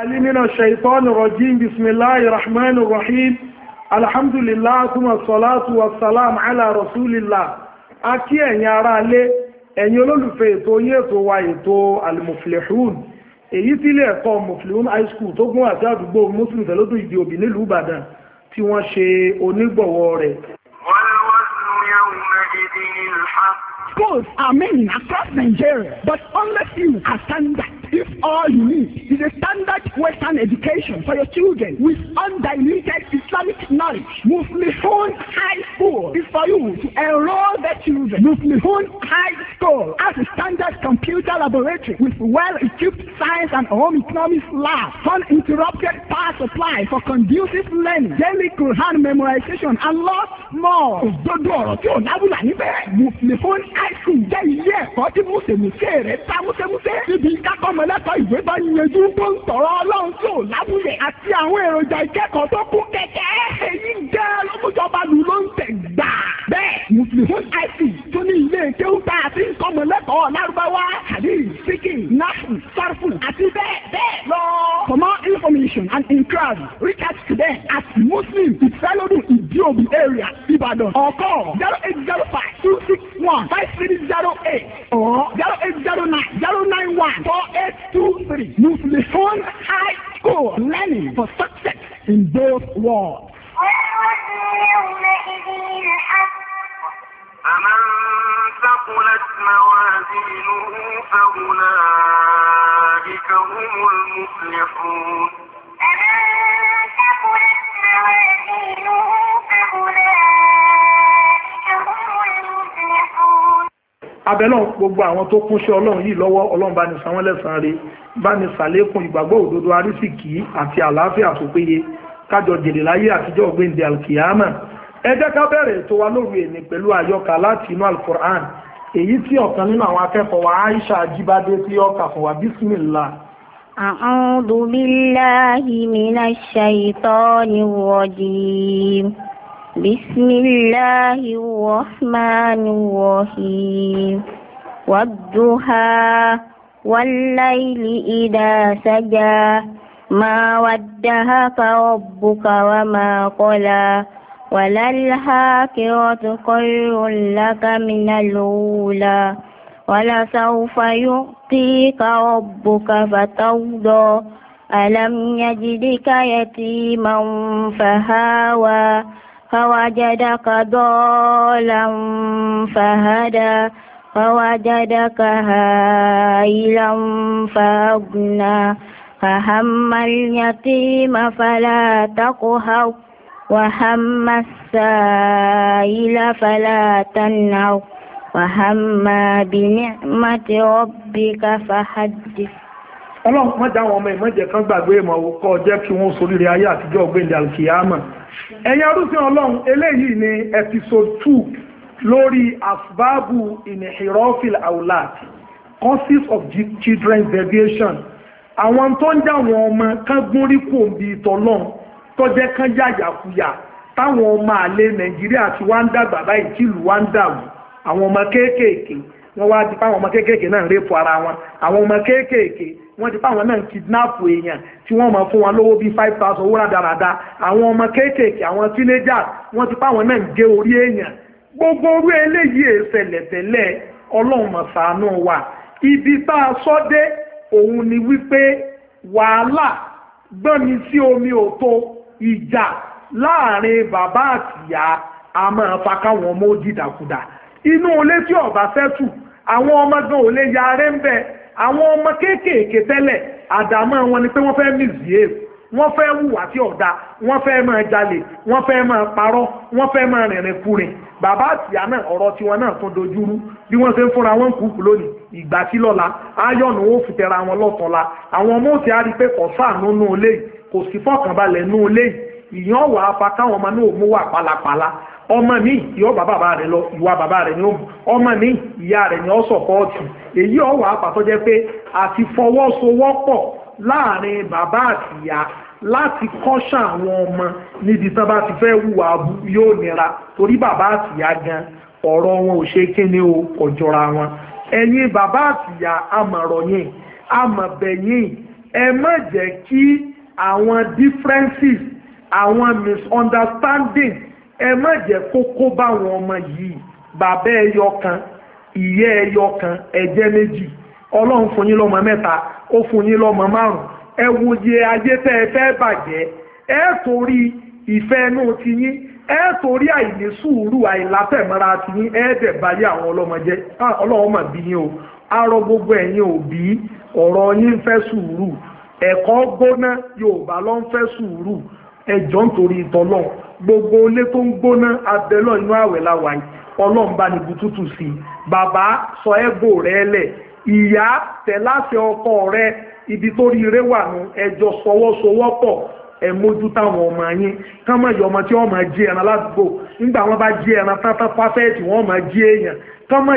علي من الشيطان الرجيم بسم الله الرحمن الرحيم الحمد لله ثم الصلاة والسلام على رسول الله akí ẹ̀yin ará ilé ẹ̀yin olólùfẹ́ ètò yín ètò wa ètò almuflihun èyí tí ilé ẹ̀kọ́ muflihun high school tó gún àti àdúgbò muslim Nigeria, but only few are If all you need is a standard Western education for your children with undiluted Islamic knowledge, Muflihun High School is for you to enroll their children. Muflihun High School has a standard computer laboratory with well-equipped science and home economics lab, uninterrupted power supply for conducive learning, daily Quran memorization, and lots more. Òdodo ọ̀rọ̀ tí ò lábùlà níbẹ̀. Muflihun High School jẹ́ ilé ẹ̀kọ́ tí Mùsèmùsè rẹ̀ ta Mùsèmùsè. Níbi kákọ́ mọ̀lẹ́kọ̀ ìwé bá yanjú tó ń tọ̀rọ̀ ọlọ́run tí ò lábúlẹ̀ àti àwọn èròjà ìkẹ́kọ̀ọ́ tó kún kẹ̀kẹ́ èyí jẹ́ lọ́mújọba lù ló ń tẹ̀ gbà. bẹ́ẹ̀ mùsùlùmí ic tó ní ilé kéwúta àti ìkọ́mọ̀lẹ́kọ̀ọ́ lárúbáwá àdìrí síkì náà sárfù àti bẹ́ẹ̀ bẹ́ẹ̀ For more information and inquiry, reach out to them at Muslim Ifeanodun Idiobi area, Ibadan, or call 0805-261-5308 or 0809-091-4823. Muslim High School, learning for success in both worlds. فمن ثقلت موازينه فأولئك هم المفلحون فمن ثقلت موازينه فأولئك هم المفلحون abẹ́lọ́ gbogbo àwọn tó kún sí ọlọ́run yìí lọ́wọ́ ọlọ́run bá ní san wọ́n lẹ́san rẹ̀ bá ní ṣàlékún ìgbàgbọ́ òdodo arísìkí àti àlàáfíà tó péye kájọ jèrè láyé àtijọ́ ọ̀gbẹ́ndẹ̀ alkiyama ẹ jẹ́ ká bẹ̀rẹ̀ ètò wa lóru èmi pẹ̀lú àyọkà láti inú alukur'an èyí tí ọ̀kan nínú àwọn akẹ́kọ̀ọ́ wa Aisha Ajibade tí ó kà fún wa bismillah. A'udhu billahi rabbuka wa ma qala. وللآخرة خير لك من الأولى ولسوف يعطيك ربك فترضى ألم يجدك يتيما فهاوى فوجدك ضالا فهدى فوجدك هائلا فأغنى فهم اليتيم فلا تقهر وهم السائل فلا تنعوا وهم بنعمة ربك فحدث ọlọ́run mọ́jà àwọn ọmọ ìmọ̀jẹ̀ kan gbàgbé ìmọ̀ òkọ́ jẹ́ kí wọ́n soríire ayé àtijọ́ ọ̀gbẹ́ni alkiyama ẹ̀yin arúgbó ọlọ́run eléyìí ni episode two lórí asbabu inihirofil aulad causes of children's deviation àwọn tó ń jà wọn ọmọ kán gúnrí kò ń bi ìtọ́lọ́run tọ́jẹ́ kán yàyàkuyà táwọn ọmọ àlè nàìjíríà ti wá ń dàgbà báyìí tí ìlú wá ń dàrú àwọn ọmọ kéékèèké wọ́n wá di fáwọn ọmọ kéékèèké náà ń ara wọn àwọn ọmọ kéékèèké wọ́n ti fáwọn náà kidnap èèyàn tí wọ́n máa fún wọn lówó bíi five thousand owó rádaràda àwọn ọmọ kéékèèké àwọn teenagers wọ́n ti fáwọn náà ń gé orí èèyàn gbogbo orú eléyìí èsẹ̀lẹ̀ tẹ́lẹ̀ ọlọ́run mà ṣàánú ìjà láàrin bàbá àtìyá a máa fa káwọn ọmọ dìdàkudà inú ilé tí ọba fẹ́tù àwọn ọmọ gan ò ya arẹ́ ń bẹ àwọn ọmọ kéékèèké tẹ́lẹ̀ àdámọ́ wọn ni pé wọ́n fẹ́ misbehave wọ́n fẹ́ hùwà tí ọ̀dà wọ́n fẹ́ máa jalè wọ́n fẹ́ máa parọ́ wọ́n fẹ́ máa rìnrìn kùrìn bàbá àtìyá náà ọ̀rọ̀ tiwọn náà tún dojúrú bí wọ́n ṣe ń fúnra wọn kúkú lónìí ìgbà tí lọ́la ayọ̀nù ó fi tẹra wọn lọ́tọ̀la àwọn ọmọ òsì á rí pé kọ̀ọ̀sán nínú ilé yìí kò sí fọ́kànbalẹ̀ nú ilé ìyàn wà afa káwọn ọmọ náà mú wà pálapàla ọmọ mi ìyọ́ bàbá bàbá rẹ̀ lọ ìwà bàbá rẹ̀ ni ó mú ọmọ mi ìyá rẹ̀ ni ó sọ̀pọ̀ọ̀tì èyí ọ̀wà àpàtọ́ jẹ́ pé àti fọwọ́sowọ́pọ̀ láàrin bàbá àtìyá láti kọ́ṣà àwọn ọmọ níbi tán bá ti fẹ́ hùwà yóò nira torí bàbá àtìyá gan ọ̀rọ̀ wọn ò ṣe kíni o kò jọra wọn ẹ̀yin bàbá àtìyá amọ̀rọ̀ yìí amọ̀bẹ̀ yìí ẹ má jẹ́ kí àwọn differences àwọn misunderstanding ẹ má jẹ́ kókó bá wọn ọmọ yìí bàbá ẹyọ kan ìyá ẹyọ kan ẹ̀jẹ̀ méjì ọlọ́run fún yín lọ́mọ mẹ́ta ó fún yín lọ́mọ márùn-ún ẹ wo iye ayé tẹ́ ẹ fẹ́ bàjẹ́ ẹ torí ìfẹ́ inú ti yín ẹ torí àìní sùúrù àìlátẹ̀mọ́ra ti yín ẹ dẹ̀ báyé àwọn ọlọ́mọ jẹ́ ah, mà bí yín o arọ gbogbo ẹ̀yin òbí ọ̀rọ̀ yín fẹ́ sùúrù ẹ̀kọ́ gbóná yorùbá lọ ń fẹ́ sùúrù ẹjọ́ nítorí ìtọ́lọ́ gbogbo ole tó ń gbóná abẹ́lọ́ inú àwẹ̀ láwà ọlọ́run bá ní sí bàbá sọ ẹ́gbò rẹ lẹ̀ ìyá tẹ̀láṣẹ ọkọ rẹ ibi tó rí wà nù sọwọ́sowọ́pọ̀ táwọn ọmọ yín kán mọ̀ tí wọ́n máa jí ẹran ládùúgbò nígbà wọn bá jí fo fẹ́ǹsì kán mọ̀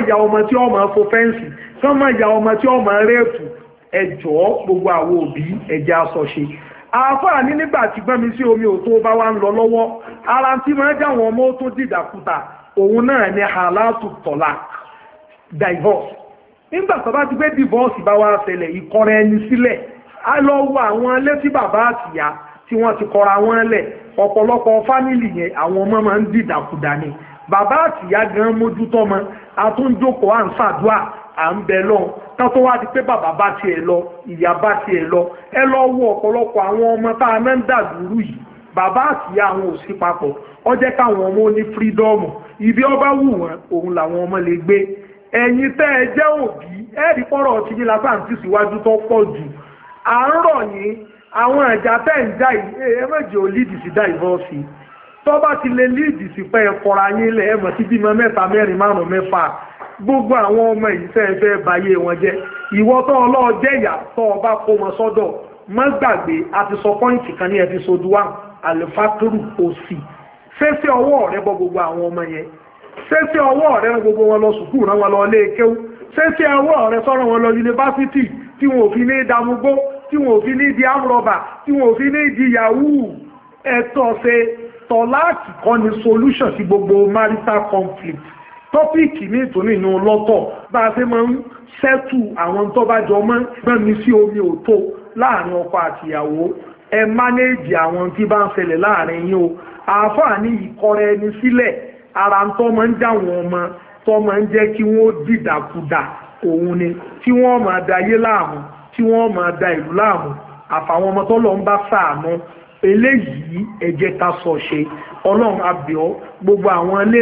ọmọ tí wọ́n ẹjọ́ gbogbo àwọn òbí ẹ̀jẹ̀ àsọ̀ṣe àáfàá ní nígbà tí gbọ́n mi sí omi òtó bá wá ń lọ lọ́wọ́ ara tí máa jáwọn ọmọ tó dìdàkúta òun náà ni halatu tọ́lá divorce nígbà tó bá ti gbé divorce bá wá ṣẹlẹ̀ ìkọrẹ ẹni sílẹ̀ á lọ wọ àwọn ilé tí bàbá àtìyá tí wọ́n ti kọra wọn lẹ̀ ọ̀pọ̀lọpọ̀ fámìlì yẹn àwọn ọmọ máa ń dìdàkúdà ni bàbá àtìyá gan mójútó mọ àtúnjókòó à ń ṣàdúà à ń bẹ lọ́n ká tó wá di pé bàbá bá tiẹ̀ lọ ìyá bá tiẹ̀ lọ ẹ lọ wo ọ̀pọ̀lọpọ̀ àwọn ọmọ tá a náà ń dàlúrú yìí bàbá àtìyá àwọn ò sí papọ̀ ó jẹ́ káwọn ọmọ ní fírídọ́ọ̀mù ibi ọba wù wọn òun làwọn ọmọ lè gbé ẹ̀yin tẹ́ ẹ jẹ́ òbí ẹ̀rí pọ́rọ̀ ti yí lásàǹtì síwájú tó pọ̀ jù à ń rọ̀ yín àwọn ẹ̀já tẹ́ ń já ẹ méjì ò lídì sí dàìvọ́ọ̀sì tó bá ti lè lídì sí pé ẹ kọra yín lẹ̀ ẹ mọ̀ sí bímọ mẹ́ta mẹ́rin márùn-ún mẹ́fà gbogbo àwọn ọmọ ìfẹ́ ẹ̀fẹ́ báyé wọn jẹ́ ìwọ́tọ́ ọlọ́ọ̀jẹ́ ìyàtọ̀ ọba kó wọn sọ́dọ̀ má gbàgbé àti sọ pọ́ǹtì kan ní episode one alifakuru òsì fẹ́sẹ̀ ọwọ́ rẹ bọ gbogbo àwọn ọmọ yẹn fẹ́sẹ̀ ọwọ́ rẹ rán gbogbo wọn lọ sùkúù rán wọn lọ ilé kéwú fẹ́sẹ̀ ọwọ́ rẹ sọ́rọ̀ wọn lọ yunifásitì tí wọn ò fi ní damugbó tí wọn ò fi ní di amrọ̀bà tí wọn ò fi ní di yahoo ẹ̀tọ́ ṣe tọ́láàkì kọ́ ni solution sí gbogbo marital conflict tọ́píìkì ní ìtòní inú lọ́tọ̀ bá a ṣe máa ń ṣẹ́tù àwọn tó bá jọ mọ́ gbẹ́mi sí omi òtó láàrin ọkọ àtìyàwó ẹ mánéèjì àwọn tí bá ń ṣẹlẹ̀ láàrin yín o àáfàá ní ìkọrẹ ẹni sílẹ̀ ara tó máa ń dá wọn ọmọ tó máa ń jẹ́ kí wọ́n dìdàkudà òun ni tí wọ́n máa da ayé láàmú tí wọ́n máa da ìlú láàmú àfàwọn ọmọ tó lọ ń bá ṣàánú eléyìí ẹ̀jẹ̀ ta sọ̀ ṣe ọlọ́run abẹ́ọ́ gbogbo àwọn ilé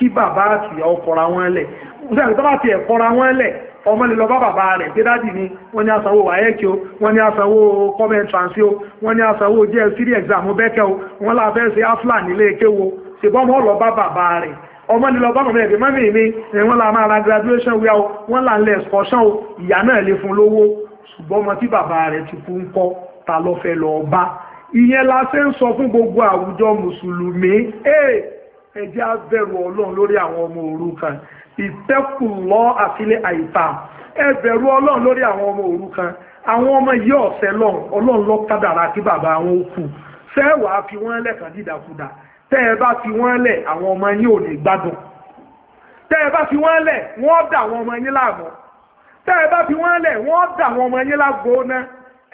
kí bàbá àtìyà ọkọ̀ra wọn lẹ̀ nígbàtí tó bá ti ẹ̀kọ́ra wọn lẹ̀ ọmọ lè lọ bá bàbá rẹ̀ pé dádì ni wọ́n ní àsanwó wáyẹ́kì o wọ́n ní àsanwó comment transfer o wọ́n ní àsanwó jẹ́ sírí exam bẹ́kẹ́ o wọ́n láfẹ́ sí afla nílé kéwo ṣùgbọ́n ọmọ lọ bá bàbá rẹ̀ graduation wíyá o wọ́n là ń lẹ̀ excursion o ìyá náà lè fún lówó ṣùgbọ́n ọmọ tí bàbá rẹ̀ ti ẹjẹ́ abẹ̀rù ọlọ́run lórí àwọn ọmọ òrukàn ìtẹ́kùlọ́ àfilẹ̀ àìta ẹbẹ̀rù ọlọ́run lórí àwọn ọmọ òrukàn àwọn ọmọ yìí ọ̀sẹ̀ lọ́run ọlọ́run ló kádàrá kí bàbá wọn ó kú fẹ́ẹ̀wàá fi wọ́n lẹ̀ kàn dídàkudà tẹ́ ẹ bá fi wọ́n lẹ̀ àwọn ọmọ yìí ò ní gbádùn tẹ́ ẹ bá fi wọ́n lẹ̀ wọ́n dà àwọn ọmọ yìí láàmú tẹ́ ẹ bá fi wọ́n lẹ̀ wọ́n dà àwọn ọmọ yìí lágbóná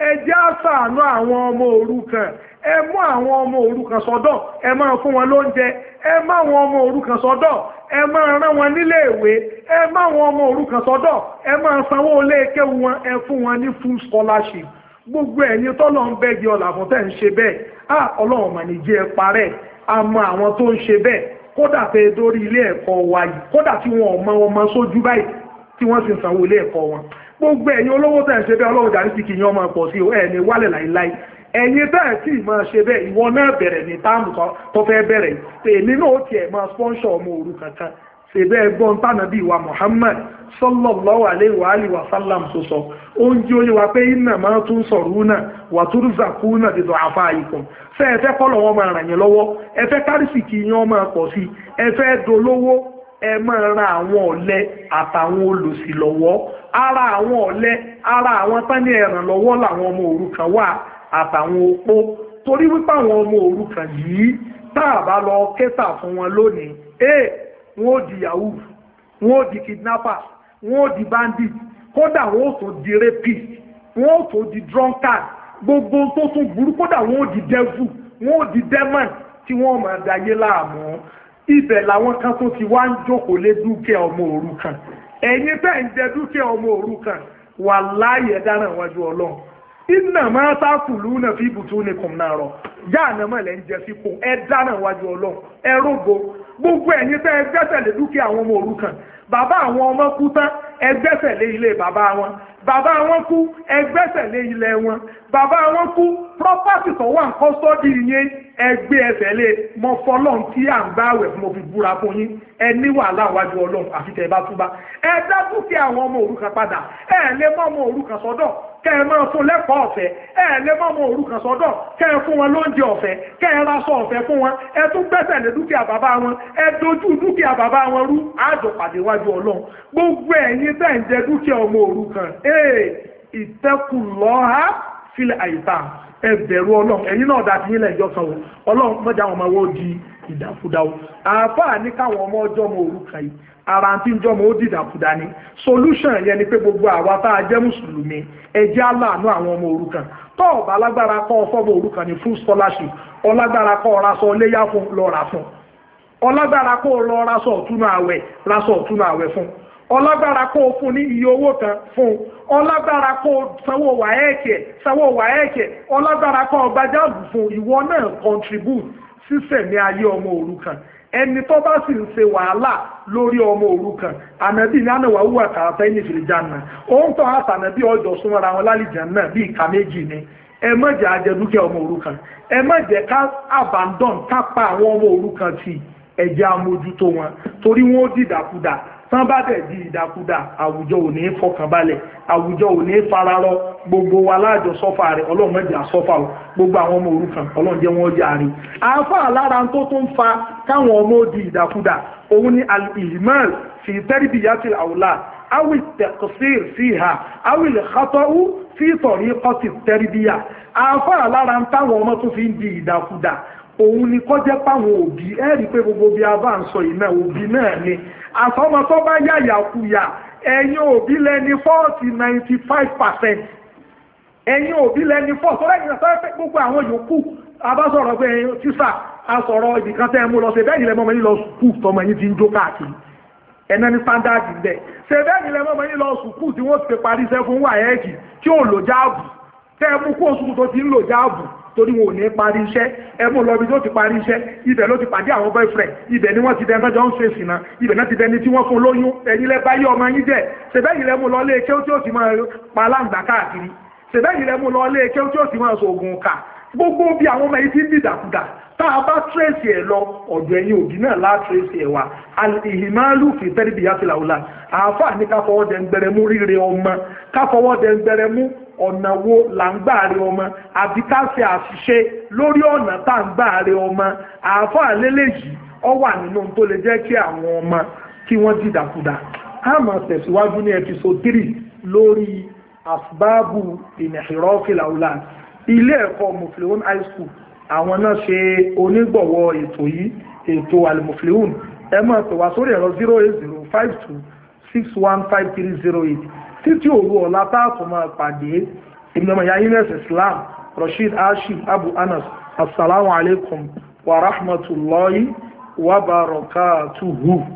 ẹ jẹ́ àṣàánú àwọn ọmọ òrukàn ẹ mú àwọn ọmọ òrukàn sọ́dọ̀ ẹ máa fún wọn lóúnjẹ ẹ má àwọn ọmọ òrukàn sọ́dọ̀ ẹ máa rán wọn nílé ìwé ẹ má àwọn ọmọ òrukàn sọ́dọ̀ ẹ máa sanwó ilé kéwu wọn ẹ fún wọn ní full scholarship gbogbo ẹ̀yin tọ́lọ̀ ń bẹ́ di ọ̀là fún tẹ́ ń ṣe bẹ́ẹ̀ á ọlọ́run mà ní jẹ́ ẹ parẹ́ àmọ́ àwọn tó ń ṣe bẹ́ẹ̀ kódà pé dórí ilé ẹ̀kọ́ wa yìí kódà tí wọn ò mọ ọmọ sójú báyìí tí wọ́n sì sanwó ilé ẹ̀kọ́ wọn gbogbo ẹ̀yin olówó tẹ̀ ṣe bẹ́ẹ̀ ọlọ́run dàrí sí kì í yan ọmọ pọ̀ sí ẹ̀ ní wálẹ̀ láìláì ẹ̀yin tẹ̀ tí ì máa ṣe bẹ́ẹ̀ ìwọ náà bẹ̀rẹ̀ ní táàmù tó fẹ́ bẹ̀rẹ̀ èmi náà ó tiẹ̀ máa spọ́nṣọ̀ ọmọ òru kankan ṣèbẹ́ ẹgbọ́n tánàbí wa Muhammad sallallahu alaihi wa alihi wa sallam tó sọ oúnjẹ oye wa pé iná máa tún sọ̀rọ̀ náà wà tó ń zàkú náà ti dọ̀ àfa ikùn fẹ́ ẹ máa ran àwọn ọ̀lẹ àtàwọn olòṣì lọ́wọ́ ara àwọn ọ̀lẹ ara àwọn tání ẹ̀ràn lọ́wọ́ làwọn ọmọ òrukàn wà àtàwọn opó torí wípé àwọn ọmọ òrukàn yìí tá a bá lọ kẹ́tà fún wọn lónìí ee eh, wọn ò di yahoo wọn ò di kidnappers wọn ò di bandit kódà wọn ò tún di rapist wọn ò tún di drunkard gbogbo tó tún burú kódà wọn ò di devil wọn ò di demon tí wọ́n máa dayé láàmú ibẹ̀ làwọn kan tó ti wá ń jókòó lé dúkìá ọmọ òrukàn ẹ̀yin tẹ́ ń jẹ dúkìá ọmọ òrukàn wà láàyè dáná wájú ọlọ́run iná máa tá kùlù náà fi ibùtú ni kùn náà rọ jáàná mọ̀ lẹ́ ń jẹ sí kùn ẹ dáná wájú ọlọ́run ẹ rògbò gbogbo ẹ̀yin tẹ́ ẹ gbẹ́sẹ̀ lé dúkìá àwọn ọmọ òrukàn bàbá àwọn ọmọ kú tán ẹ gbẹ́sẹ̀ lé ilé bàbá wọn bàbá wọn kú ẹ gbẹ́sẹ̀ lé ilé wọn bàbá wọn kú property tó wà ń yẹn ẹgbẹ́ ẹsẹ̀ lé mọ fọlọ́n tí à ń gbáwẹ̀ fún mo fi búra fún yín ẹ ní wàhálà wájú ọlọ́run àfi tẹ̀ bá túbá ẹ dá dúkìá àwọn ọmọ òrukàn padà ẹ lè mọ ọmọ òrukàn sọ́dọ̀ kẹ ẹ máa fún lẹ́kọ̀ọ́ ọ̀fẹ́ ẹ lè mọ ọmọ òrukàn sọ́dọ̀ kẹ ẹ fún wọn lóúnjẹ ọ̀fẹ́ kẹ ẹ raṣọ ọ̀fẹ́ fún wọn ẹ tún gbẹ́sẹ̀ lé dúkìá bàbá wọn ẹ dojú dúkìá bàbá wọn rú àjọpàdé wájú ọlọ́run gbogbo ẹ̀yin tẹ̀ ń jẹ dúkìá ọmọ òrukàn ee ìtẹ́kùlọ́ha fílẹ̀ àyíká ẹbẹ̀rù ọlọ́run ẹ̀yin náà dàtí nílẹ̀ ìjọsọ o ọlọ́run mọ́jà àwọn ọmọ wọn di o àáfàá ní káwọn ọmọ ọjọ́ mọ òrùka yìí ara ń jọmọ di ni solution yẹn ni pé gbogbo àwa tá a jẹ́ mùsùlùmí ẹ aláàánú àwọn ọmọ òrukàn tó ọ̀bà alágbára kọ́ ọfọ́mọ full scholarship ọlágbára kọ́ ọ̀rá sọ léyà fún fún ọlágbára kọ́ ọlágbára kó o fún ní iye owó kan fún ọlágbára kó o sanwó wàhẹ́ẹ̀kẹ̀ sanwó kó o fún ìwọ náà contribute ayé ọmọ ẹni tó bá sì wàhálà lórí ọmọ òrukàn ànàbí ní àná wàhùwà kàràtà ẹni ọjọ́ súnmọ́ra wọn náà ìka méjì ni ẹ jẹ́ abandon àwọn ọmọ ẹ̀jẹ̀ amójútó wọn torí tán bá bẹ̀ di ìdàkudà àwùjọ ò ní fọkànbalẹ̀ àwùjọ ò ní fararọ gbogbo wa láàjọ sọ́fà rẹ̀ ọlọ́mọdé àsọ́fà o gbogbo àwọn ọmọ òrukàn ọlọ́njẹ́ wọn jẹ́ àárín àáfà lára tó tó fa káwọn ọmọ di ìdàkudà òun ni al-ihmal fi tarbiyatil awlad أو التقصير فيها أو الخطأ في طريقة التربية àfáà lára ń táwọn ọmọ tó fi ń di ìdàkudà òun ni kọ́ jẹ́ páwọn òbí ẹ rí pé gbogbo bí a bá ń sọ ìmọ̀ òbí náà ni àsọmọ tó bá yàyà kuyà ẹ̀yin òbí lẹni fọ́ọ̀tì ninety five percent ẹ̀yin òbí lẹni fọ́ọ̀tì ọlẹ́yìn náà sọ́yẹ́ pé gbogbo àwọn yòókù abásọ̀rọ̀ pé ẹ̀yin tíṣà asọ̀rọ̀ ibìkan tẹ́ ẹ mú lọ sí bẹ́ẹ̀ ìlẹ́mọ̀ yín lọ sùkúù tọmọ yín ti ń jó káàkiri ẹ̀nà ní standard bẹ̀ ṣe bẹ́ẹ̀ ìlẹ́mọ̀ yín lọ sùkúù tí wọ́n ti parí iṣẹ́ fún wàhẹ́ẹ̀kì tí ò lò jáàbù tẹ́ kó oṣù tó ti ń lò jáàbù torí wọn ò ní parí iṣẹ́ ẹmú lọ ibi tó ti parí iṣẹ́ ibẹ̀ ló ti pàdé àwọn boyfriend ibẹ̀ ni wọ́n ti dẹni tọ́jọ́ ń ṣe ìsìnà ibẹ̀ náà ti dẹni tí wọ́n fún lóyún ẹ̀yin lẹ́ báyé ọmọ yín jẹ́ ṣẹ̀bẹ́ yìí lẹ́mú lọ léèké tí ó ti máa pa aláǹgbá káàkiri ṣẹ̀bẹ́ yìí lẹ́mú lọ léèké tí ó ti máa sọ ògùn kà gbogbo bí àwọn ọmọ yìí ti ń dìdàkudà tá a bá tírèsì ẹ̀ lọ ọ̀dọ̀ ẹ̀yin òbí náà látírèsì ẹ̀ wá ìhìmáàlù fi tẹ́lẹ̀ bí yàtìláwùlà àáfàá ní káfọwọ́dẹ̀ ń gbẹrẹmú ríire ọmọ káfọwọ́dẹ̀ ń gbẹrẹmú ọ̀nà wo là ń gbàre ọmọ àbí ká ṣe àṣìṣe lórí ọ̀nà tá à ń gbàre ọmọ àáfàá lélẹ́yìí ọ wà nínú tó lè jẹ́ kí àwọn ọmọ kí wọ́n dìdàkudà a máa tẹ̀síwájú ní episode three lórí asbáàbù ìnìhìrọ́fìlà ọ̀la ilé ẹ̀kọ́ mufleon high school àwọn náà ṣe onígbọ̀wọ́ ètò yìí ètò alimufleon ẹ máa pè wá sórí ẹ̀rọ zero eight zero five two six one five three zero eight títí òru ọ̀la táàtù máa pàdé ìbìnàmọ̀ ya us islam rasheed ashif abu anas assalamu alaikum wa rahmatullahi wa barakatuhu.